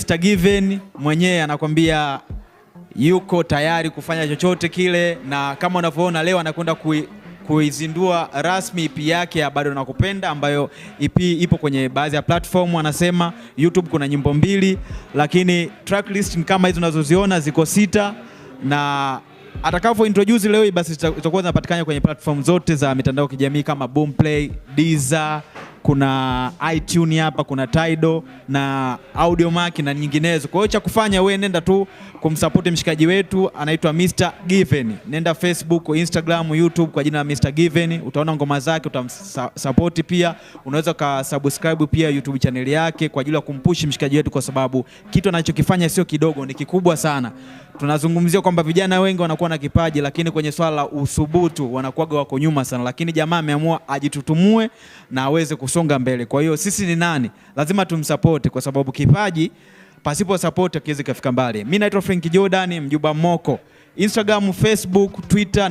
Mr. Given mwenyewe anakwambia yuko tayari kufanya chochote kile, na kama unavyoona leo anakwenda kui, kuizindua rasmi EP yake ya Bado Nakupenda, ambayo EP ipo kwenye baadhi ya platform. Anasema YouTube kuna nyimbo mbili, lakini tracklist kama hizo unazoziona ziko sita, na atakavyo introduce leo basi itakuwa zinapatikana kwenye platform zote za mitandao ya kijamii kama Boomplay, Deezer kuna iTunes hapa, kuna tido na Audiomack na nyinginezo. Kwa hiyo cha kufanya wewe nenda tu kumsapoti mshikaji wetu anaitwa Mr Given. Nenda Facebook, Instagram, YouTube kwa jina la Mr Given, utaona ngoma zake, utamsapoti pia. Unaweza ukasubscribe pia YouTube channel yake kwa ajili ya kumpushi mshikaji wetu, kwa sababu kitu anachokifanya sio kidogo, ni kikubwa sana tunazungumzia kwamba vijana wengi wanakuwa na kipaji, lakini kwenye swala la uthubutu wanakuwaga wako nyuma sana, lakini jamaa ameamua ajitutumue na aweze kusonga mbele. Kwa hiyo sisi ni nani, lazima tumsapoti kwa sababu kipaji pasipo sapoti akiwezi kafika mbali. Mimi naitwa Frank Jordan, mjuba Moko, Instagram, Facebook, Twitter.